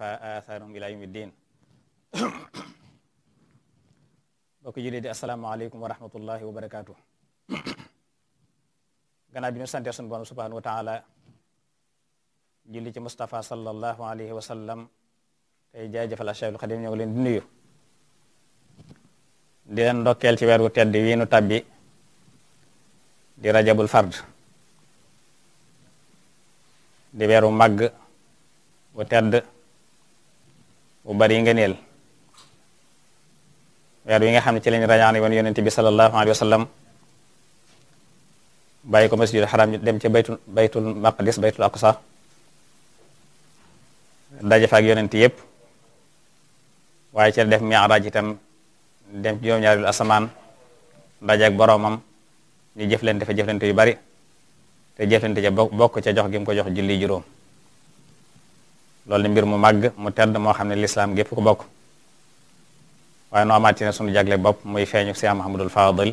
fa athaarum ila yawmi ddin bokk julli di asalaamaaleykum wa rahmatullahi wa barakaatu gannaaw bi ñu sante sun borom wa taala julli ci Mustafa sallallahu alayhi wa sallam tey jaajëfal Cheikhul Xadim ñoo ngi leen di nuyu di ci weer wu tedd wii tabbi di rajabul fard di weeru màgg wu tedd bu bari ngëneel weer wi nga xam ne ci lañ rañaane woon yonent bi sallallahu alayhi wa sallam bàyyi ko masjidul xaram ñu dem ci baytul baytul maqdis baytul aqsa daje fa ak yonent yépp waaye ci la def mi'raaj itam dem ci juróom-ñaareelu asamaan daje ak boroomam ñu jëflante fa jëflante yu bari te jëflante ca bokk ca jox gi mu ko jox julli juróom loolu ni mbir mu màgg mu tedd moo xam ne lislaam gépp ko bokk waaye nu sunu jagle bopp muy feeñu Seex Mahamadul Faadil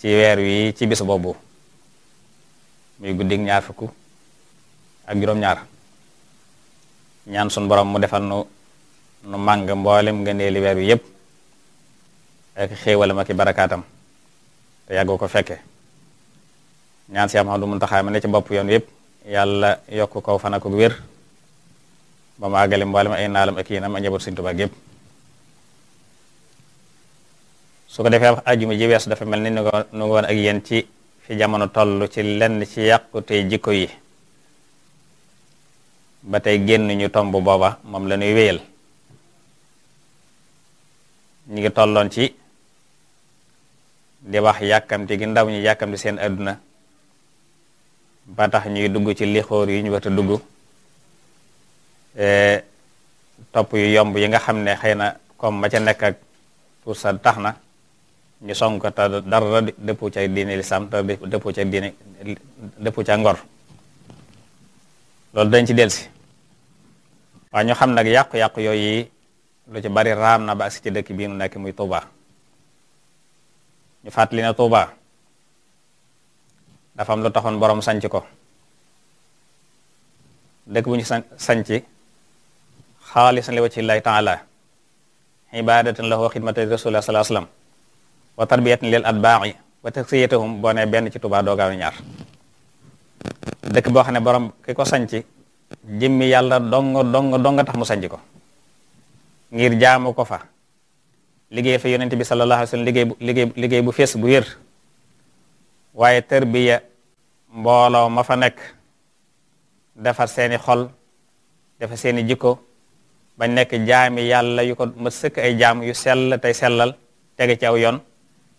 ci weer wi ci bis boobu muy guddig ñaar fukk ak juróom-ñaar ñaan sunu borom mu defal nu nu màng mboolem ngëneeli weer wi yépp ak xéewalam ak barakaatam te yàggoo ko fekke ñaan Seex Mahamadul Muntaxaa ma ne ci bopp yoon yépp yàlla yokk ko fan ak wér ba mu àggale mboolem ay naalam ak yéenam a njaboot Sëriñ Tuubaa gépp su ko defee ajuma ji weesu dafa mel ni nu ngi woon ak yéen ci fi jamono toll ci lenn ci yàqutey jikko yi ba tey génn ñu tomb booba moom la ñuy wéyal ñu ngi tolloon ci di wax yàkkamti gi ndaw ñi yàkkamti seen àdduna ba tax ñuy dugg ci lixóor yi ñu war a dugg E, topp yu yomb yi nga xam ne xëy na comme ma ca nekk ak pour sa tax na ñu song ko te dara dëppu ca diine lislaam te dëppu ca diine dëppu ngor loolu dañ ci delsi waa ñu xam nag yàqu-yàqu yooyu lu ci bari raam na ba agsi ci dëkk bii nu nekk muy Touba ñu fàttali na Touba dafa am lu taxoon borom sanc ko dëkk bu ñu sanc xaalisan li wajhi llaahi taala ibaadatan lahu wa xidmatan rasulillahi sallallahu alayhi wa sallam wa tarbiyatan lil atbaa'i wa taksiyatahum boo nee benn ci Tuubaa doogaaw ñaar dëkk boo xam ne borom ki ko sanci jëmmi yàlla dong dong dong tax mu sanci ko ngir jaamu ko fa liggéey fa yonente bi sallallahu alayhi wa liggéey bu liggéey liggéey bu fees bu wér waaye tarbiya mbooloo mafa nekk defa seeni xol defa seeni jikko bañ nekk jaami yàlla yu ko ma sëkk ay jaam yu sell tey sellal tege ci aw yoon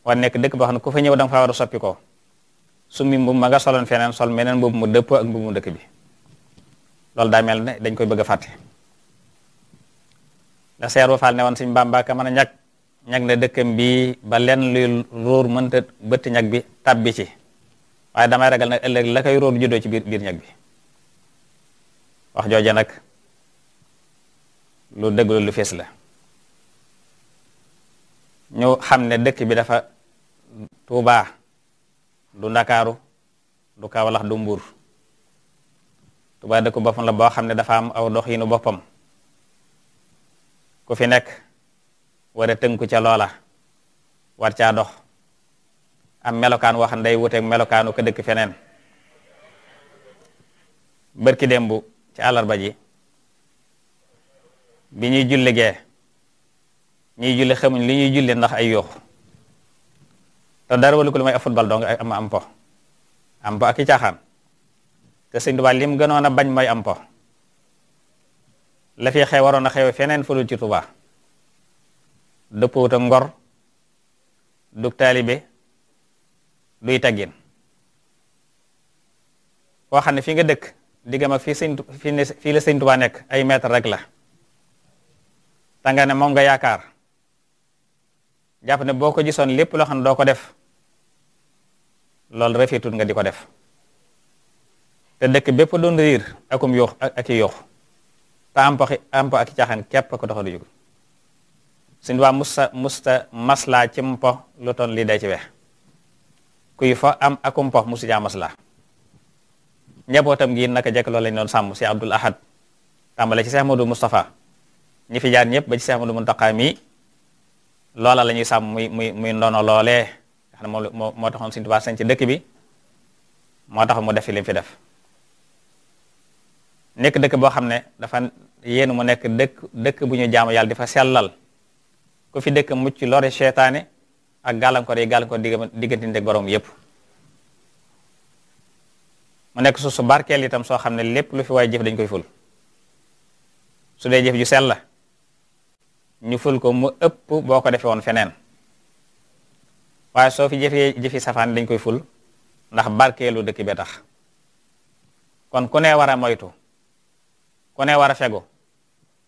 war nekk dëkk boo xam ne ku fa ñëw da nga war a soppi ko su mi mbubu ma nga soloon feneen sol meneen mbubu ma dëpp ak mbubu mu dëkk bi loolu daa mel ne dañ koy bëgg a fàtte la seer ba faal ne woon suñ Bàmba ka mën a ñag ñag na dëkkam bi ba lenn luy róor mënta bëtt ñag bi tàbbi ci waaye damay ragal nag ëllëg la koy róor juddoo ci biir biir ñag bi wax jooje nag lu dëgg lu fees la ñu xam ne dëkk bi dafa Tuubaa du Ndakaaru du lax du Mbuur Tuubaa dëkk boppam la boo xam ne dafa am aw doxinu boppam ku fi nekk war a tënku ca loola war caa dox am melokaan wax nday wuteeg melokaanu ko dëkk feneen bërki démb ci àllarba ji bi ñuy julli gee ñuy julli xamuñ li ñuy julli ndax ay yooxu te dara walu ko lu may ab football dong am am po am po ak te sëñ Tuubaa lim gënoon a bañ may am po la fi xew waroon a xew feneen fu dul ci Tuubaa dëppwut ngor dug taalibe duy taggin koo xam ne fi nga dëkk diggam ak fii sëñ fii la sëñ Tuubaa nekk ay mètre rek la te nga ne moom nga yaakaar jàpp ne boo ko gisoon lépp loo xam ne doo ko def loolu rafetul nga di ko def te dëkk bépp doon riir akum yoox ak i yoox te ampa ampa képp ko doxa du jóg musta musta maslaa ci mpo lu toon lii day ci wex kuy fa am akum mpo musu masla maslaa njabootam gi naka jekk loolu lañ doon sàmm si Abdul Ahad tàmbale ci Seex Moodu Mustafa ñi fi jaar ñëpp ba ci Seex Ahmadu Muntaxa mi loola la ñuy sàmm muy muy muy ndono loole nga moo moo taxoon sañ ci dëkk bi moo tax mu def fi fi def nekk dëkk boo xam ne dafa yéen mu nekk dëkk dëkk bu ñu jaamu yàlla di fa sellal ku fi dëkk mucc lore seetaane ak gàllankoor yi gàllankoor diggante ak yëpp. mu nekk suuf su barkeel itam soo xam ne lépp lu fi waaye jëf dañ koy ful su dee jëf ju sell la ñu ful ko mu ëpp boo ko defee woon feneen waaye soo fi jëfee jëfi safaan dañ koy ful ndax barkeelu dëkk bee tax kon ku ne war a moytu ku ne war fegu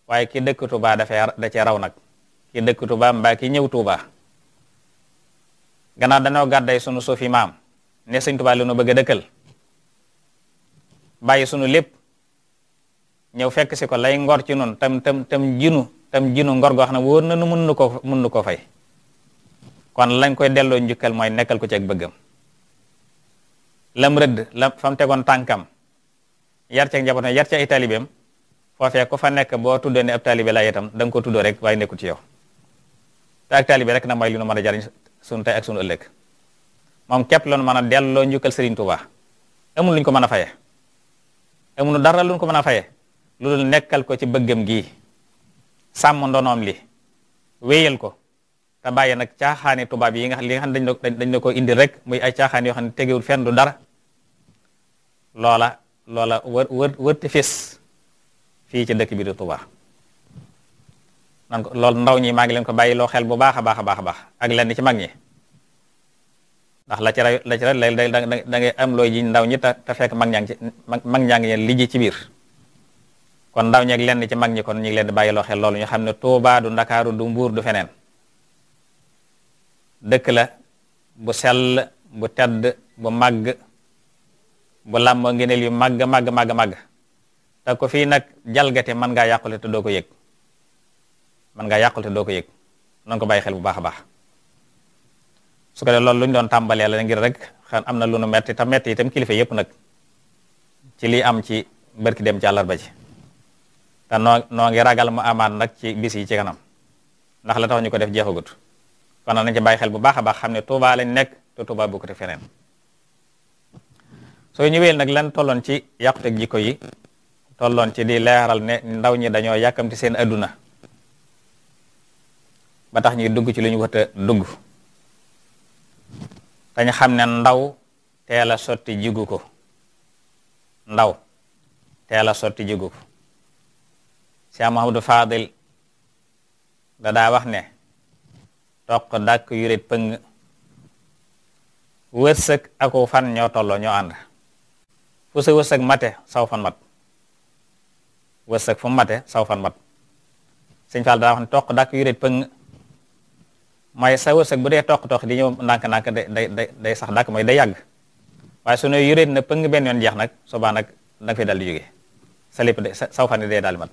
waaye ki dëkk Tuuba dafee da cee raw nag ki dëkk Tuuba mbaa ki ñëw Tuuba gannaaw dañoo gàdday sunu suufi maam ne sëñ Tuuba li nu bëgg a dëkkal bàyyi sunu lépp ñëw fekk si ko lay ngor ci nun tam tam tam jinu tam jinu ngor goo xam ne wóor na nu mën na koo mën na koo fay kon lañ koy delloo njukkal mooy nekkal ko ci ak bëggam lam rëdd la fa tegoon tànkam yar ci ak yar ci ay taalibeem foofee ku fa nekk boo tuddee ne ab taalibe laa itam da ko tuddoo rek waaye nekku ci yow te ak rek na mooy lu nu mën a jariñ sunu tey ak sunu ëllëg moom képp loonu mën a delloo njukkal Serigne Touba amul luñ ko mën a faye amul dara luñ ko mën a faye loolu nekkal ko ci bëggam gii sàmm ndonoom li wéyal ko te bàyyi nag caaxaani tubaab yi nga xam li nga xam dañ dañ la ko indi rek muy ay caaxaan yoo xam ne tegewul fenn du dara loola loola wër wër wërti fis fii ci dëkk bi di Tuubaa nan ko loolu ndaw ñi maa ngi leen ko bàyyi loo xel bu baax a baax a baax a baax ak lenn ci mag ñi ndax la ci ra la ci ra léeg da ngay am looy ji ndaw ñi te te fekk mag ñaa ngi ci mag ñaa ngi leen lijji ci biir kon ndaw ñeeg lenn ci mag ñi kon ñu ngi leen di bàyyiloo xel loolu ñu xam ne Touba du Ndakaaru du Mbuur du feneen dëkk la bu sell bu tedd bu màgg bu làmboo ngeneel yu màgg màgg màgg màgg te ko fii nag jalgate mën ngaa yàqule te doo ko yëg mën ngaa yàqule doo ko yëg nanga bàyyi xel bu baax a baax su dee loolu luñ doon tàmbalee la ngir rek xan am na lu nu metti te metti kilifa yëpp nag ci lii am ci barki dem ci ji te noo noo ngi ragal mu amaat nag ci bis yi ci kanam ndax la tax ñu ko def jeexagut kon nañ ci bàyyi xel bu baax a baax xam ne Touba lañ nekk te Touba bokkut feneen soo ñu wéel nag lan tolloon ci yàquteg jikko yi tolloon ci di leeral ne ndaw ñi dañoo yàkkamti seen adduna ba tax ñuy dugg ci lu ñu wët a dugg dañu xam ne ndaw teel a sotti jigu ko ndaw teel a sotti jigu Cheikh Mahamadou Fadil da daa wax ne toq dàkk yuréet pëng wërsëg aku fan ñoo tolloo ñoo ànd fu sa wërsëg mate saw fan mat wërsëg fu mate saw fan mat sëñ Fall daa wax ne toq dàkk yuréet pëng mooy sa wërsëg bu dee toq-toq di ñëw ndànk-ndànk day day sax dàkk mooy day yàgg waaye su ne yuréet na pëng benn yoon jeex nag soobaa nag danga fi dal di jóge sa lépp saw fan yi day daal mat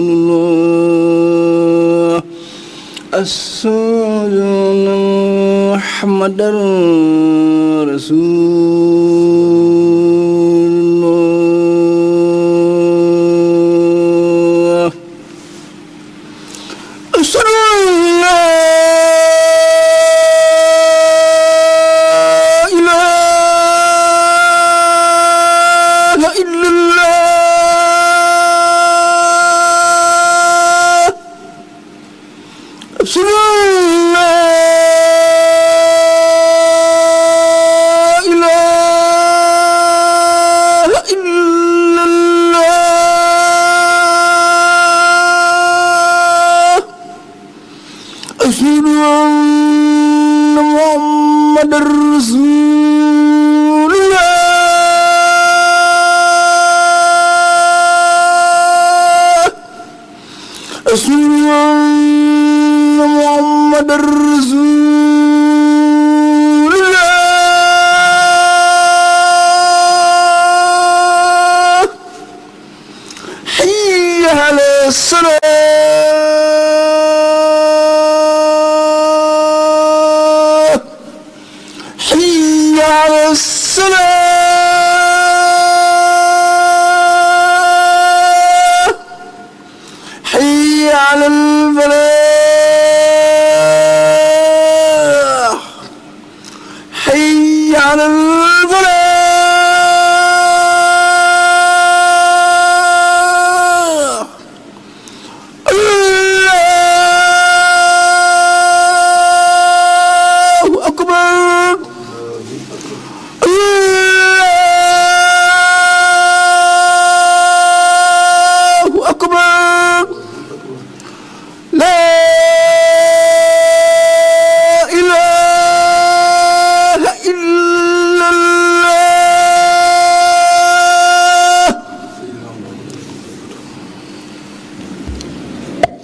الله أشهد أن محمدا رسول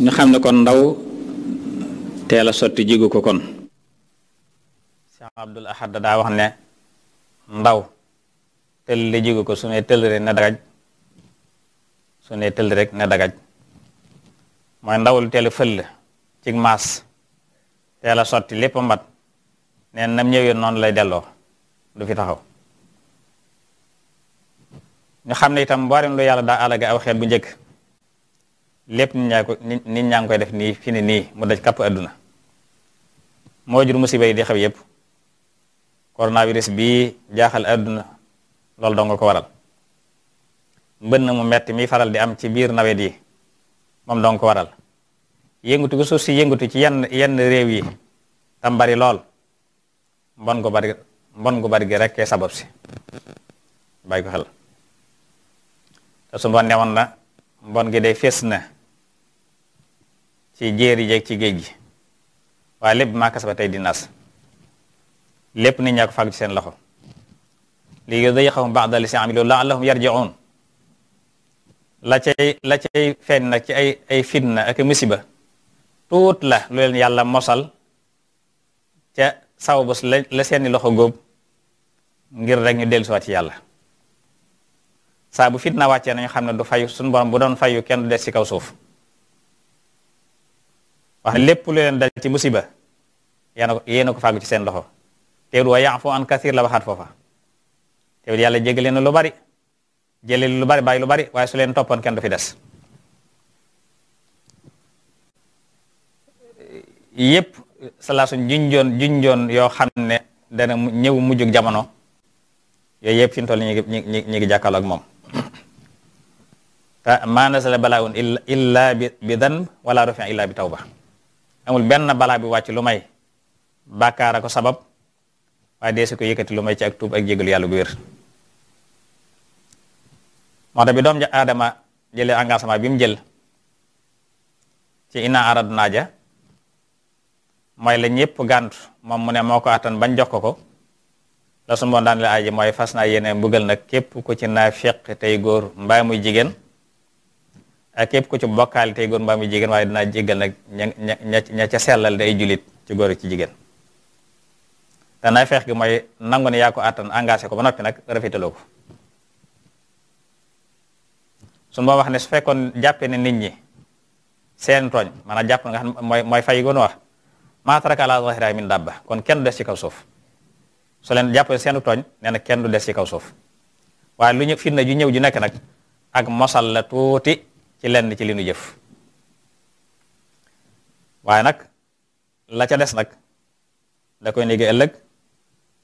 ñu xam ne kon ndaw teel a sotti jigu ko kon Cheikh Abdul Ahad daa wax ne ndaw tell li jigu ko su ne tëll rek ne dagaj su ne rek ne dagaj mooy ndaw lu teel a fëll maas teel sotti lépp mbat neen nam ñëwee noonu lay delloo du fi taxaw ñu xam ne itam mboolem lu yàlla daa alage aw xeet bu njëkk lépp nit ñaa ko ñaa ngi koy def nii fi nii mu daj kàpp adduna moo jur musiba yi di xew yépp coronavirus bii jaaxal àdduna loolu dong nga ko waral mbënn mu metti mi faral di am ci biir nawet yi moom dong ko waral yëngatu gu suuf si yëngatu ci yenn yenn réew yi tam bari lool mbon gu bari mbon gu bari gi rek kee sabab si bàyyi ko xel te su ma newoon mbon gi de fés na ci jéeri jeeg ci géej gi waaye lépp maa kasaba tey di nas lépp nit ñaa ko ci seen loxo li yudiqahum ba'da allazi amilu la'allahum yarji'un la cay la cay feeñ nag ci ay ay fitna ak musiba tuut la lu leen yàlla mosal ca sawabus la la seeni loxo góob ngir rek ñu dellusiwaat ci yàlla saabu bu fitna wàccee nañu xam ne du fay suñu borom bu doon fayu kenn du des ci kaw suuf wax ne lépp lu leen dal ci musiba yéena ko yéena ko fàggu ci seen loxo teewul wa ya'fu an kathir la waxaat foofa teewul yàlla jégale na lu bari jëlee lu bari bàyyi lu bari waaye su leen toppoon kenn du fi des yépp salaasu junjoon junjoon yoo xam ne dana ñëw mujjug jamono yooyu yëpp fi mu toll ñu ngi ñu moom Ah, ma nazala balaun illa bi dan wala rafia illa bi tawba amul benn balaa bi wàcc lu may bàkkaar ko sabab wa dee si ko yëkkati lu may ci ak tuub ak jégalu yàlla gu moo tax bi doom ja aadama jëlee engagement bi mu jël ci inna aradnaa ja mooy la ñëpp gàntu moom mu ne moo ko attan bañ jox ko ko la su mboon aji mooy fas naa yéene mbugal nag képp ku ci naa tey góor mbaa muy jigéen ak képp ku ci bokkaale tey góor mbaa muy jigéen waaye dinaa jéggal nag ña ña ca day julit ci góor ci jigéen te feex gi mooy nangoon yako yaa ko àttan engagé ko ba noppi nag rafetaloo ko suñu boo wax ne su fekkoon jàppee ne nit ñi seen tooñ maanaam jàpp nga xam mooy mooy fay goon wax maa taraka ala min dabba kon kenn du des ci kaw suuf so leen jàppee seen tooñ nee na kenn du des ci kaw suuf waaye lu ju ñëw ju nekk ak mosal la tuuti ci lenn ci li nu jëf waaye nag la ca des nag da koy néege ëllëg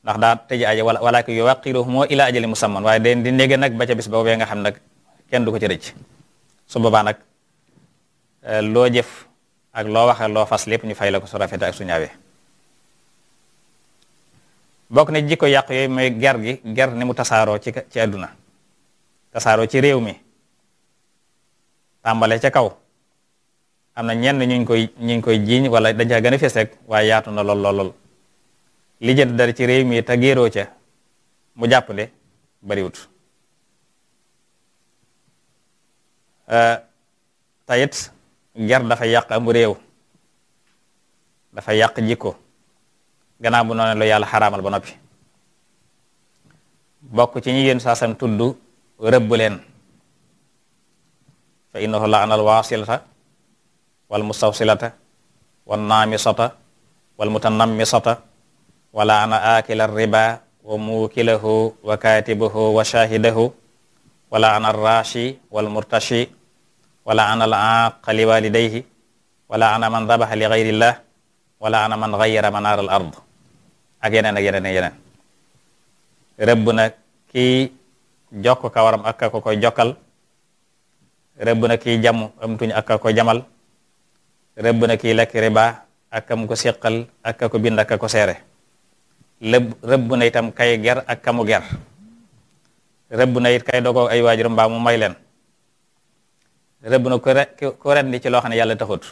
ndax daa tëj aje wala wala ko yuwaqiruhum ila ajali musamman waaye day di néege nag ba ca bis boobee nga xam nag kenn du ko ci rëcc su boobaa nag eh, loo jëf ak loo waxe loo fas lépp ñu fay la ko su rafete ak su ñaawee bokk na jikko yàqu yooyu mooy ger gi ger ni mu tasaaroo ci ci àdduna ci réew mi tàmbale ca kaw am na ñenn ñu ngi koy ñu ngi koy jiiñ wala dañ caa gën waaye yaatu na lool lool lool li ci réew mi te géeroo ca mu jàpp ne bariwut euh, tayit ger dafa yàq amu réew dafa yàq jikko gannaaw bu noonu lu yàlla xaraamal ba noppi bokk ci ñi yéen saasam rëbb leen fa innahu laana alwasilata wal mustawsilata wan naamisata wal mutanammisata wa laana aakila riba wa muukilahu wa kaatibahu wa shaahidahu wa laana arrashi wal murtashi wa laana al aaqa li walidayhi wa laana man dabaxa li gayrillah wa laana man gayara manaar al ard ak yeneen ak yeneen ak yeneen rëbb na kii jokk kawaram ak ka ko koy jokkal rëbb na kiy jàmm amtuñ ak a ko jamal rëbb na kiy lekk riba ak kam ko séqal ak a ko bind ak a ko seere rëbb na itam kay ger ak kamu ger rëbb na it kay dogoo ay waajur mbaa mu may leen rëbb na ku ren di ci loo xam ne yàlla taxut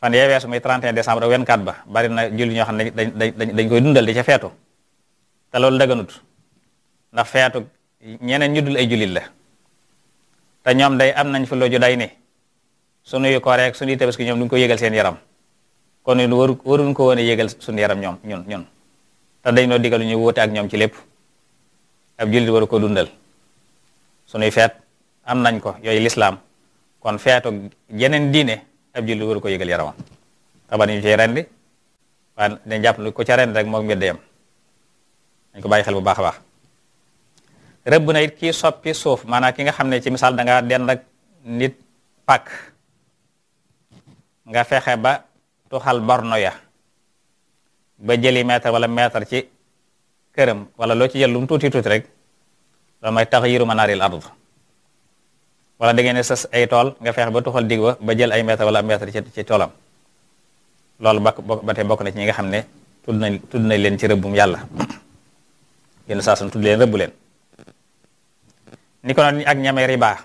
fan yee weesu muy 31 décembre 24 ba bari na julli ñoo xam ne dañ dañ dañ koy dundal di ca feetu te loolu daganut ndax feetu ñeneen ñu dul ay jullit la te ñoom day am nañ fa loju day ne sunuy koor ak sunuy tabaski ñoom duñ ko yëgal seen yaram kon waru waruñ ko woon a yëgal sunu yaram ñoom ñun ñun te dañ noo digal ñu ak ñoom ci lépp ab jullit waru ko dundal sunuy feet am nañ ko yooyu lislaam kon feetu jeneen diine ab jullit waru ko yëgal yaram taban ñu ci rendi waaye dañ jàpp lu ko ca rendi rek moom mbir day am dañ ko bàyyi xel bu baax a baax rëbb na it kii soppi suuf maanaam ki nga xam ne ci misaal da nga dend nit pàkk nga fexe ba tuxal borno ya ba jëli mètre wala mètre ci këram wala loo ci jël lu tuuti tuuti rek loolu mooy taxyiru manaaril ard wala da ngeen ne sës ay tool nga fexe ba tuxal digg ba jël ay mètre wala mètre ci ci toolam loolu ba ba tey bokk na ci ñi nga xam ne tudd nañ tudd nañ leen ci rëbbum yàlla yéen saa suñ tudd leen rëbb leen ni ko noonu ak ñame riba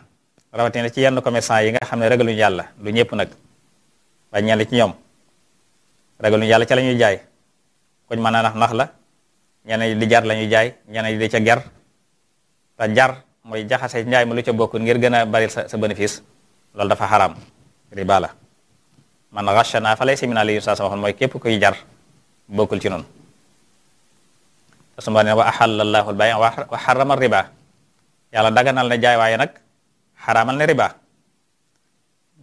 rawatina ci yenn commerçant yi nga xam ne ragaluñu yàlla lu ñëpp nag ba ñenn ci ñoom ragaluñu yàlla ca la ñuy jaay kuñ mën a nax nax la ñeneen di jar la jaay ñeneen di ca jar te jar mooy jaxasee ñaay ma lu ca bokk ngir gën a bari sa sa bénéfice loolu dafa xaraam riba la man rachana fa lay séminaire yi saa sama waxoon mooy képp koy jar bokkul ci noonu te su ma nee wa ahalla allahu al bay' wa harrama riba yàlla daganal na jaay waaye nag xaraamal na riba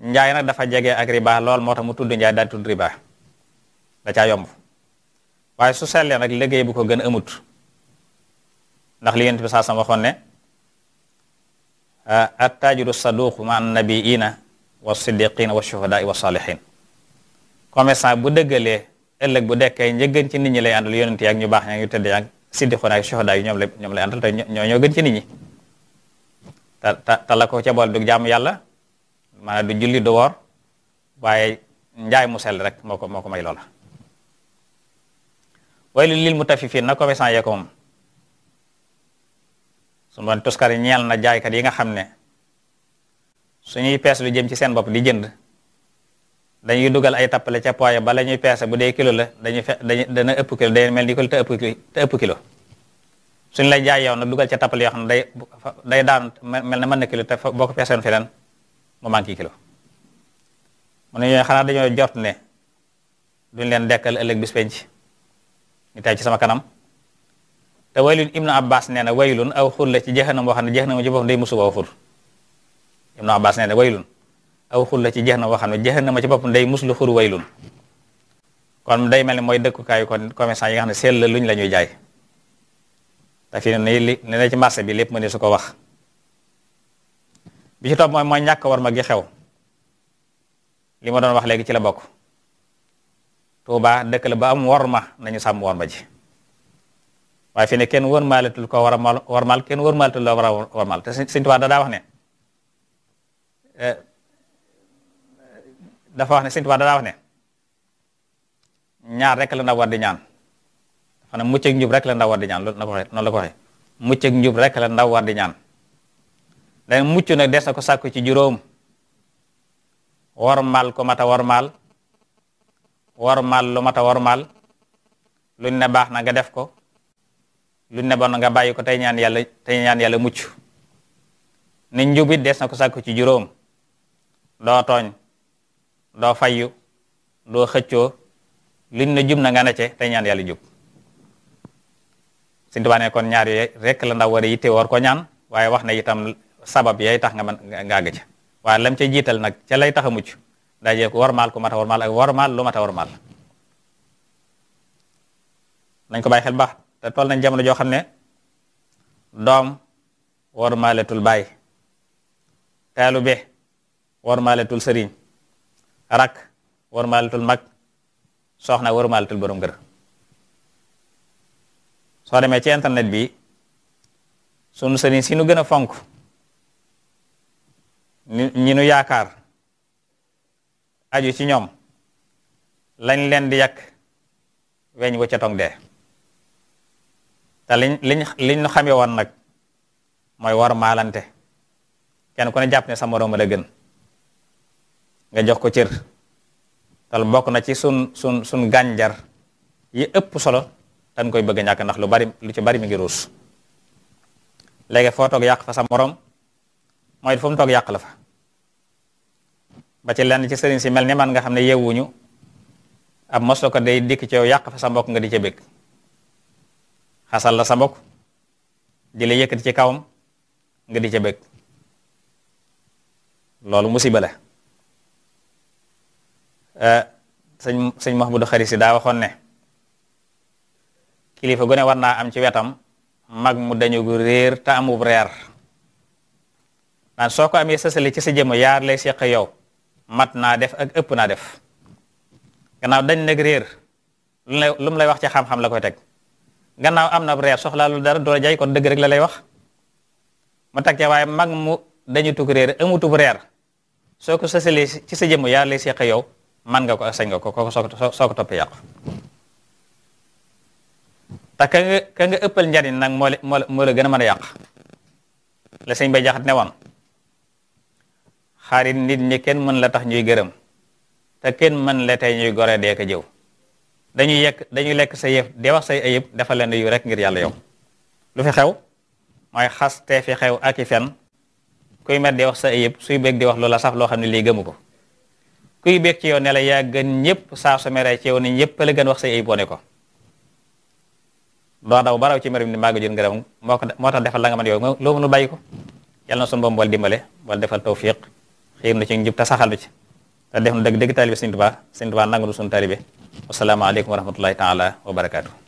njaay nag dafa jege ak riba lool moo tax mu tudd njaay daal tudd riba da caa yomb waaye su sellee nag liggéey bu ko gën amut ndax li yonent bi saa sam waxoon ne ah, attajiru saduq ma an nabiina wa siddiqina wa shuhadaai wa salihin commerçant bu dëggalee ëllëg bu dekkee ñi gën ci nit ñi lay àndal yonent yi ak ñu baax ña ngi tëdd ak siddiqoon ak shuhadaa yi ñoom la ñoom lay àndal te ñoo ñoo gën ci nit ñi te la ko ca bool du jaamu yàlla maanaam du julli du waaye njaay mu sell rek moo ko moo ko may loola waylu lil mutaffifin na commerçant yee ko su ma toskari ñeel na jaaykat yi nga xam ne suñuy pees lu jëm ci seen bopp di jënd dañuy dugal ay tappale ca poids bala ñuy peese bu dee kilo la dañuy fe dañuy dana ëpp kilo day mel ni ko te ëpp kilo suñ lay jaay yow na dugal ca tappale yoo xam ne day day daanu mel ne mën na kilo te boo ko peesoon feneen mu manqué kilo mu ne ñooy xanaa dañoo jot ne duñ leen dekkal ëllëg bis penc ñu tey ci sama kanam te waylun ibnu abbas nee na waylun aw xur la ci jahannam boo xam ne jahannam ci boppam day musu aw xur ibnu abbas nee na waylun aw xur la ci jahannam boo xam ne jahannam ci boppam day muslu xur waylun kon day mel ni mooy dëkkukaayu kon commerçant yi nga xam ne sell luñ la ñuy jaay te fii ne li ne na ci marché bi lépp ma ne su ko wax bi ci topp mooy mooy ñàkk war ma gi xew li ma doon wax léegi ci la bokk Tuuba dëkk la ba am war ma nañu sàmm war ma ji waaye fi kenn wër maalatul ko war a war maal kenn wër maalatul la war a war maal te Sëñ Tuubaa da daa wax eh, ñaar rekk la na war ñaan maanaam mucc ak njub rek la ndaw war di ñaan loolu la ko waxee njub rek la ndaw di ñaan mucc nag des na ko sàkku ci juróom wormaal ko mata wormaal wormaal lu mata wormaal lu ne baax na nga def ko luñ ne na nga bàyyi ko tey ñaan yàlla tey yàlla mucc ne njubit des na ko sàkku ci juróom doo tooñ doo fayyu doo xëccoo luñ na jub na nga ne ce tey ñaan yàlla jub Sëñ Tuubaa ne kon ñaar yooyu rek la ndaw war a yitte war ko ñaan waaye wax na itam sabab yay tax nga mën nga àgg ca lam ca jiital nag ca lay tax a mucc dajee ko warmaal ku mata a warmaal ak warmaal lu mat warmaal nañ ko bàyyi xel baax te toll nañ jamono joo xam ne doom warmaaletul bàyyi taalube warmaaletul sëriñ rak warmaaletul mag soxna warmaaletul borom kër soo demee ci internet bi sun sëriñ si gën a fonk ñi nu yaakaar aju ci ñoom lañ leen di yàq weñ wu ca tong dee te liñ liñ liñ nu xamee woon nag mooy war malante kenn ku ne jàpp ne sa moroom la gën nga jox ko cër tal bokk na ci sun sun sun gànjar yi ëpp solo dañ koy bëgg a ñàkk ndax lu bari lu ci bari mi ngi ruus léegi foo toog yàq fa sa mooy fu mu toog yàq la fa ba ci lenn ci sëriñ si mel ni man nga xam ne yeewuñu ab mos la ko day dikk ci yow yàq fa sa mbokk nga di ca bëgg xasal la sa mbokk di la yëkkati ci kawam nga di ca bëgg loolu mu musiba la eh, sëñ sëñ Mahmoudou Xaris si daa waxoon ne kilifa gu ne war naa am ci wetam mag mu dañu gu réer te amub reer naan soo ko amee sësali ci sa jëmm yaar lay seq yow mat naa def ak ëpp naa def gannaaw dañ nag réer lu lay wax ci xam-xam la koy teg gannaaw am na reer soxla lu dara doo jaay kon dëgg rek la lay wax mu teg ca waaye mag mu dañu tuk tug réer amutub reer soo ko sësalee ci sa jëmm yaar lay seq yow man nga ko sañ nga ko kooku soo ko toppee yàqu te ka nga ëppal njariñ nag moo la moo la gën a mën a yàq la sëñ bay jaxat ne woon xarit nit ñi kenn mën la tax ñuy gërëm te kenn mën la tey ñuy gore dee ka jëw dañuy yekk dañuy lekk sa yëf de wax say ayib dafa leen yu rek ngir yàlla yow lu fi xew mooy xas te fi xew ak i fen kuy mer di wax sa ayib suy bëgg di wax loola sax loo xam ne lii gëmu ko kuy bëgg ci yow ne la yaa gën ñëpp saa su meree ci yow ni ñëpp la gën wax sa ayib wane ko doo daw baraw ci mbirum ni maa ngi jël ngërëm moo ko moo tax defal la nga mën yooyu loo mënul bàyyi ko yàlla na sunu boom bool dimbale bool defal tawfiq xiir na ci njub te saxal na ci te def na dëgg dëgg taalibe Sëriñ Tuubaa Sëriñ Tuubaa nangu nu sunu taalibe wasalaamaaleykum wa rahmatullahi taala wa barakaatu